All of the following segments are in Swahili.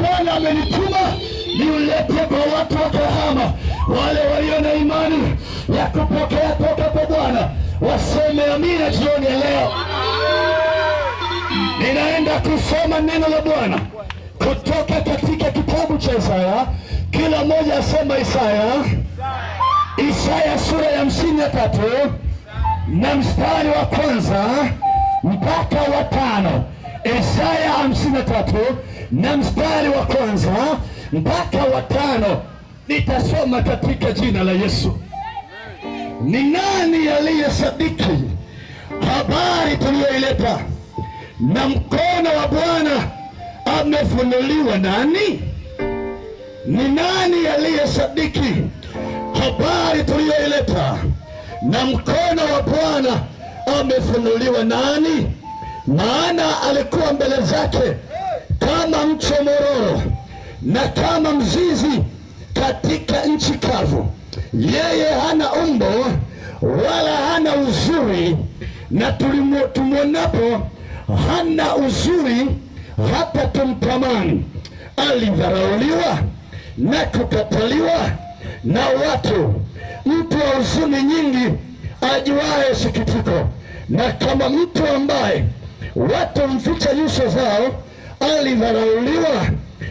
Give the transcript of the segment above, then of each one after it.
Bwana amenituma niulete BAWATA wa Kahama, wale walio na imani ya kupokea toka kwa Bwana waseme amina jioni ya leo. Ninaenda kusoma neno la Bwana kutoka katika kitabu cha Isaya. Kila mmoja asema Isaya, Isaya sura ya hamsini na tatu na mstari wa kwanza mpaka wa tano. Isaya hamsini na tatu na mstari wa kwanza mpaka wa tano nitasoma katika jina la Yesu. Ni nani sadiki habari tuliyoileta, na mkono wa Bwana amefunuliwa nani? Ni nani aliye sadiki habari tuliyoileta, na mkono wa Bwana amefunuliwa nani? Maana alikuwa mbele zake kama mche mororo na kama mzizi katika nchi kavu. Yeye hana umbo wala hana uzuri, na tumwonapo hana uzuri hata tumtamani. Alidharauliwa na kukataliwa na watu, mtu wa huzuni nyingi, ajuaye sikitiko, na kama mtu ambaye watu mficha nyuso zao alidharauliwa,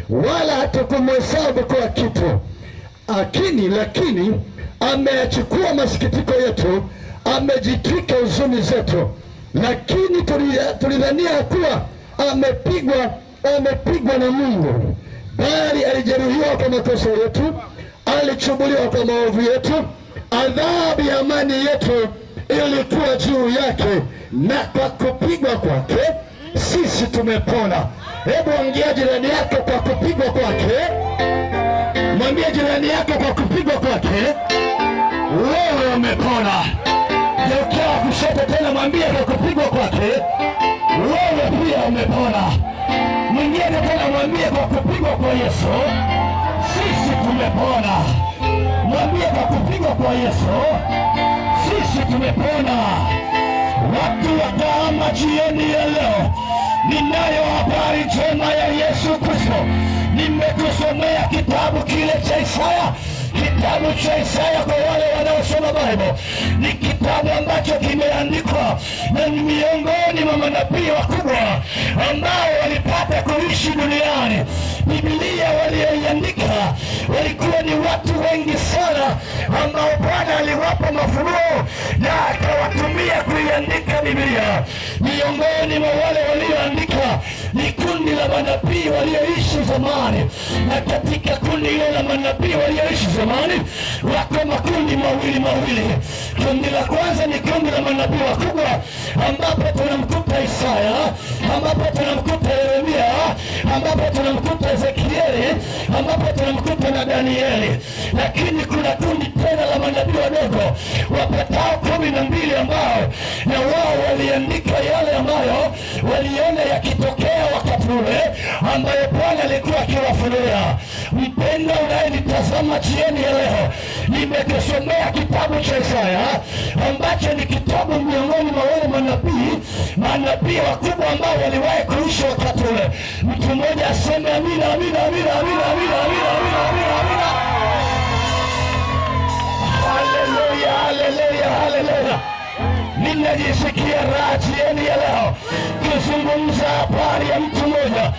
wala hatukumhesabu kuwa kitu. Lakini lakini ameyachukua masikitiko yetu, amejitwika huzuni zetu. Lakini tulidhania kuwa amepigwa, amepigwa na Mungu, bali alijeruhiwa kwa makosa yetu, alichubuliwa kwa maovu yetu. Adhabu ya amani yetu ilikuwa juu yake, na kwa kupigwa kwake sisi tumepona. Hebu ongea jirani yako kwa kupigwa kwake, mwambie jirani yako kwa kupigwa kwake wewe umepona. Geukia kushoto tena, mwambie kwa kupigwa kwake wewe pia umepona. Mwingine tena mwambie kwa kupigwa kwa Yesu sisi tumepona. Mwambie kwa kupigwa kwa Yesu sisi tumepona. Watu wataama jioni ya leo Ninayo habari njema ya Yesu Kristo. Nimekusomea kitabu kile cha Isaya, kitabu cha Isaya kwa wale wanaosoma Bible. Ni kitabu ambacho kimeandikwa na ni miongoni mwa manabii wakubwa ambao walipata kuishi duniani. Biblia walioiandika walikuwa ni watu wengi sana ambao Bwana aliwapa mafunuo na akawatumia kuiandika Biblia. Miongoni mwa wale walioandika Bwana ni kundi la manabii walioishi zamani, na katika kundi hilo la manabii walioishi zamani wako makundi mawili mawili. Kundi la kwanza ni kundi la manabii wakubwa, ambapo tunamkuta Isaya, ambapo tunamkuta Yeremia, ambapo tunamkuta Ezekieli, ambapo tunamkuta na Danieli. Lakini kuna kundi tena la manabii wadogo wapatao kumi na mbili ambao na wao waliandika yale ambayo waliona ya yaliyotokea wakati ule ambayo Bwana alikuwa akiwafunulia. Mpendo unayenitazama jioni ya leo, nimekisomea kitabu cha Isaya ambacho ni kitabu miongoni mwa wale manabii manabii wakubwa ambao waliwahi kuishi wakati ule. Mtu mmoja aseme amina, amina, amina, amina, amina, amina, amina, amina, amina. Haleluya, haleluya, haleluya ninajisikia raha jioni ya leo kuzungumza habari ya mtu mmoja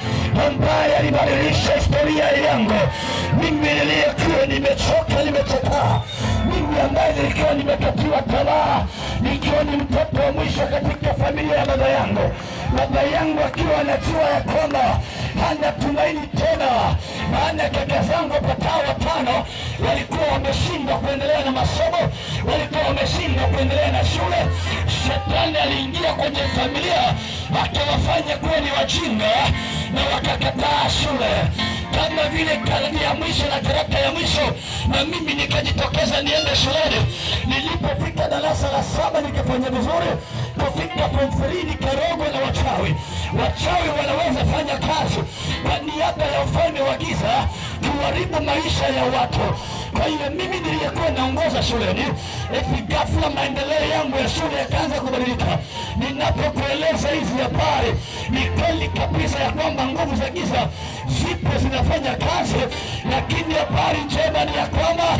ambaye alibadilisha historia yangu mimi niliyekuwa nimechoka nimechokaa mimi, ambaye nilikuwa nimekatiwa talaa nikiwa ni mtoto wa mwisho katika familia ya baba yangu, baba yangu akiwa anajua ya kwamba hana tumaini tena, maana kaka zangu wapatao watano walikuwa wameshindwa kuendelea na masomo, walikuwa wameshindwa kuendelea na shule. Shetani aliingia kwenye familia akawafanya kuwa ni wajinga na wakakataa shule kama vile kalamu ya mwisho na karata ya mwisho, na mimi nikajitokeza niende shuleni. Nilipofika darasa la saba nikafanya vizuri, kufika form 3 nikarogwa na wachawi. Wachawi wanaweza fanya kazi kwa niaba ya ufalme wa giza kuharibu maisha ya watu. Kwa hiyo mimi niliyekuwa naongoza shuleni, eti ghafla maendeleo yangu ya shule yakaanza kubadilika. Ninapokueleza hizi habari, ni kweli kabisa ya kwamba nguvu za giza zipo zinafanya kazi, lakini habari njema ni ya kwamba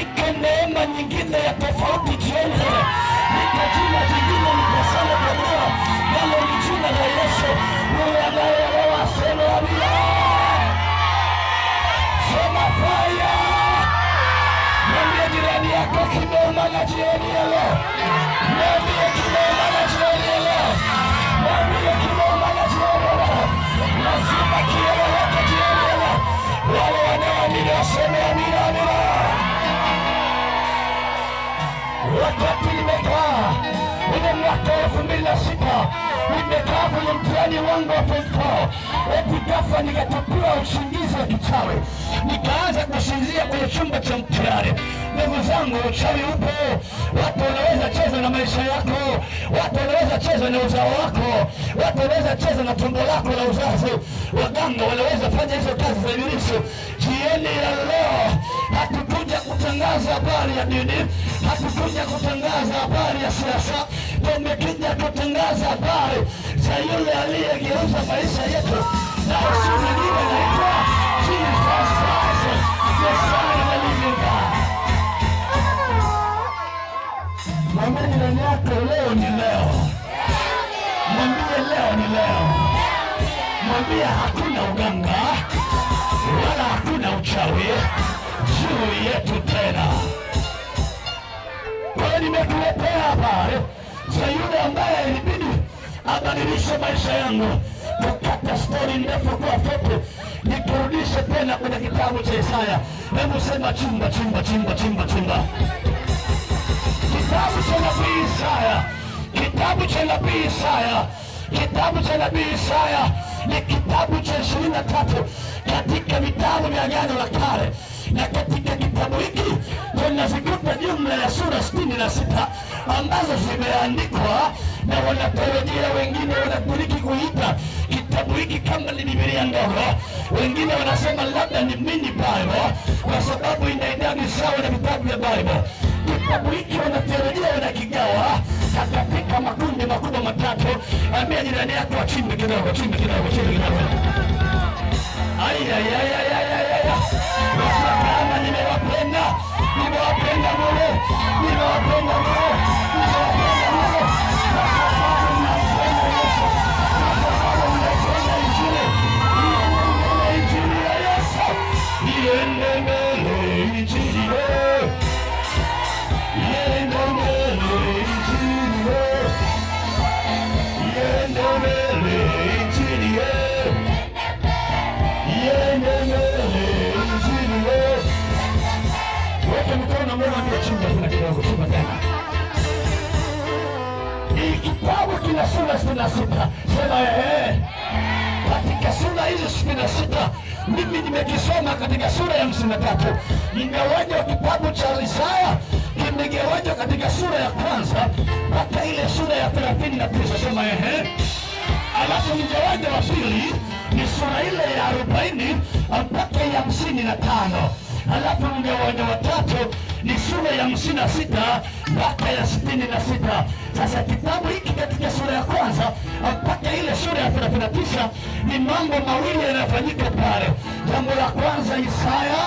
iko neema nyingine ya tofauti jioni Virginia. mtihani wangu wa form eti ghafla nikatapua usingizi wa kichawi, nikaanza kusinzia kwenye chumba cha mtiare. Ndugu zangu, uchawi upo. Watu wanaweza cheza na maisha yako, watu wanaweza cheza na uzao wako, watu wanaweza cheza na tumbo lako la uzazi. Waganga wanaweza fanya hizo kazi za ibilisi. Jioni ya leo hatukuja kutangaza habari ya dini, hatukuja kutangaza habari ya siasa tumekuja kutangaza habari za yule aliyegeuza maisha yetu na usuni lile naitwa Jesus Christ the Son yako leo ni leo, mwambie leo ni leo, mwambie hakuna uganga wala hakuna uchawi juu yetu tena. Kwa hiyo nimekuletea habari cha yule ambaye ilibidi abadilishe maisha yangu, tukata stori ndefu kwa fupi, nikurudishe tena kwenye kitabu cha Isaya. Hebu sema chimba, chimba, chimba, chimba, chimba. Kitabu cha nabii Isaya, kitabu cha nabii Isaya, kitabu cha nabii Isaya ni kitabu cha ishirini na tatu katika vitabu vya Agano la Kale, na katika kitabu hiki tunazikuta jumla ya sura sitini na sita ambazo zimeandikwa na wanateolojia wengine wanadiriki kuita kitabu hiki kama ni Biblia ndogo, wengine wanasema labda ni mini Bible kwa sababu inaendani sawa na vitabu vya Bible. Kitabu hiki wanateolojia wanakigawa katika makundi makubwa matatu. Ambia jirani yako achimbe kidogo, chimbe kidogo, chimbe kidogo. Nimewapenda, nimewapenda nimewapenda Hii kitabu kina sura sitini na sita. Sema ehe. Katika sura hizo sitini na sita mimi nimekisoma katika sura ya hamsini na tatu nimegawanywa kitabu cha Isaya kimegawanywa katika sura ya kwanza mpaka ile sura ya thelathini na tisa. Sema ehe. Alafu mgawanya wa pili ni sura ile ya arobaini mpaka ya hamsini na tano alafu ndio wenye watoto ni sura ya hamsini na sita mpaka ya sitini na sita. Sasa kitabu hiki katika sura ya kwanza mpaka ile sura ya thelathini na tisa ni mambo mawili yanayofanyika pale. Jambo la kwanza, Isaya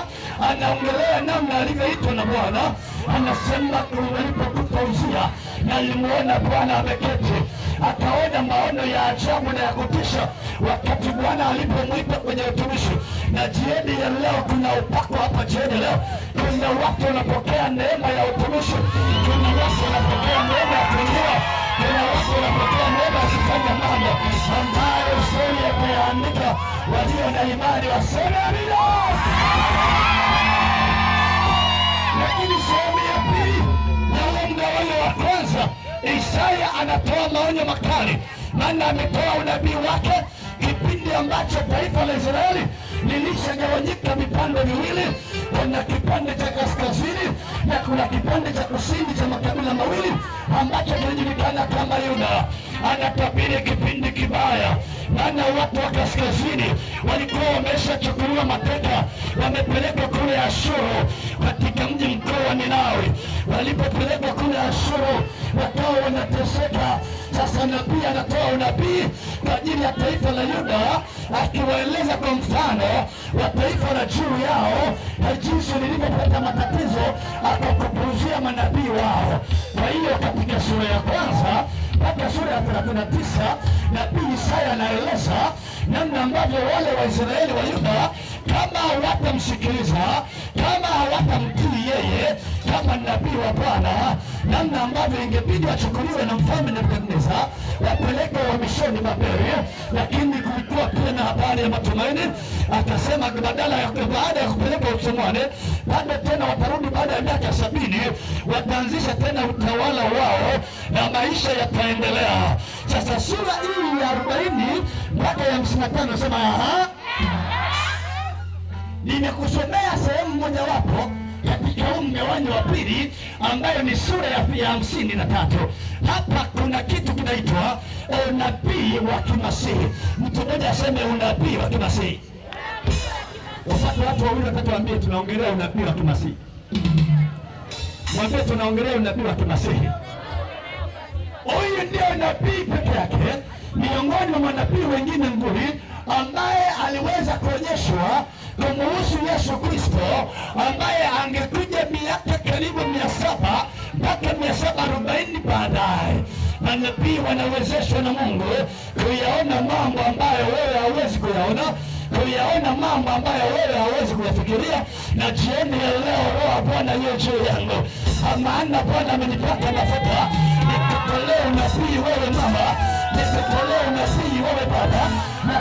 anaongelea namna alivyoitwa na Bwana, anasema alipokupa uzia, alimuona Bwana ameketi akaona maono ya ajabu na ya kutisha wakati Bwana alipomwita kwenye utumishi. Na jioni ya leo kuna upako hapa, jioni leo kuna watu wanapokea neema ya utumishi, kuna watu wanapokea neema ya kuinua, kuna watu wanapokea neema ya kufanya mambo ambayo stori yakayaandika. Walio na imani waseme amina. Lakini sehemu ya pili, naomba wale wako Isaya anatoa maonyo makali, maana ametoa unabii wake kipindi ambacho taifa la Israeli lilishagawanyika vipande viwili, kuna kipande cha kaskazini na kuna kipande cha kusini cha makabila mawili ambacho kilijulikana kama Yuda. Anatabiri kipindi kibaya maana watu wa kaskazini walikuwa wameshachukuliwa mateka, wamepelekwa kule Ashuru katika mji mkuu wa Ninawi. Walipopelekwa kule Ashuru wakawa wanateseka. Sasa nabii anatoa unabii kwa ajili ya taifa la Yuda, akiwaeleza kwa mfano wa taifa la juu yao na jinsi lilivyopata matatizo, akakupuzia manabii wao. Kwa hiyo katika sura ya kwanza mpaka sura ya 39 nabii Isaya anaeleza namna ambavyo wale Waisraeli wa Yuda kama hawatamsikiliza, kama hawatamtii yeye kama nabii wa Bwana, namna ambavyo ingebidi wachukuliwe na mfalme Nebukadneza wapeleke uhamishoni Babeli. Lakini kulikuwa pia na habari ya matumaini, akasema badala ya baada ya kupeleka utumwani bado tena watarudi, baada ya miaka sabini wataanzisha tena utawala maisha yataendelea. Sasa sura hii ya arobaini mpaka ya hamsini na tano nasema nimekusomea sehemu moja wapo katika huu mgawanyo wa pili ambayo ni sura ya hamsini na tatu. Hapa kuna kitu kinaitwa unabii wa kimasihi. Mtu mmoja aseme unabii wa kimasihi. Wapate watu wawili watatu, waambie tunaongelea unabii wa kimasihi. Mwambie tunaongelea unabii wa kimasihi. Huyu ndiyo nabii peke yake miongoni mwa manabii wengine nguli ambaye aliweza kuonyeshwa kumuhusu Yesu Kristo ambaye angekuja miaka karibu mia saba mpaka mia saba arobaini baadaye. Manabii wanawezeshwa na Mungu kuyaona mambo ambayo wewe hauwezi kuyaona, kuyaona mambo ambayo wewe hauwezi kuyafikiria. Na jioni ya leo, Roho Bwana hiyo juu yangu, maana Bwana amenipaka mafuta nitolee masihi wewe mama, nitolee masihi wewe baba.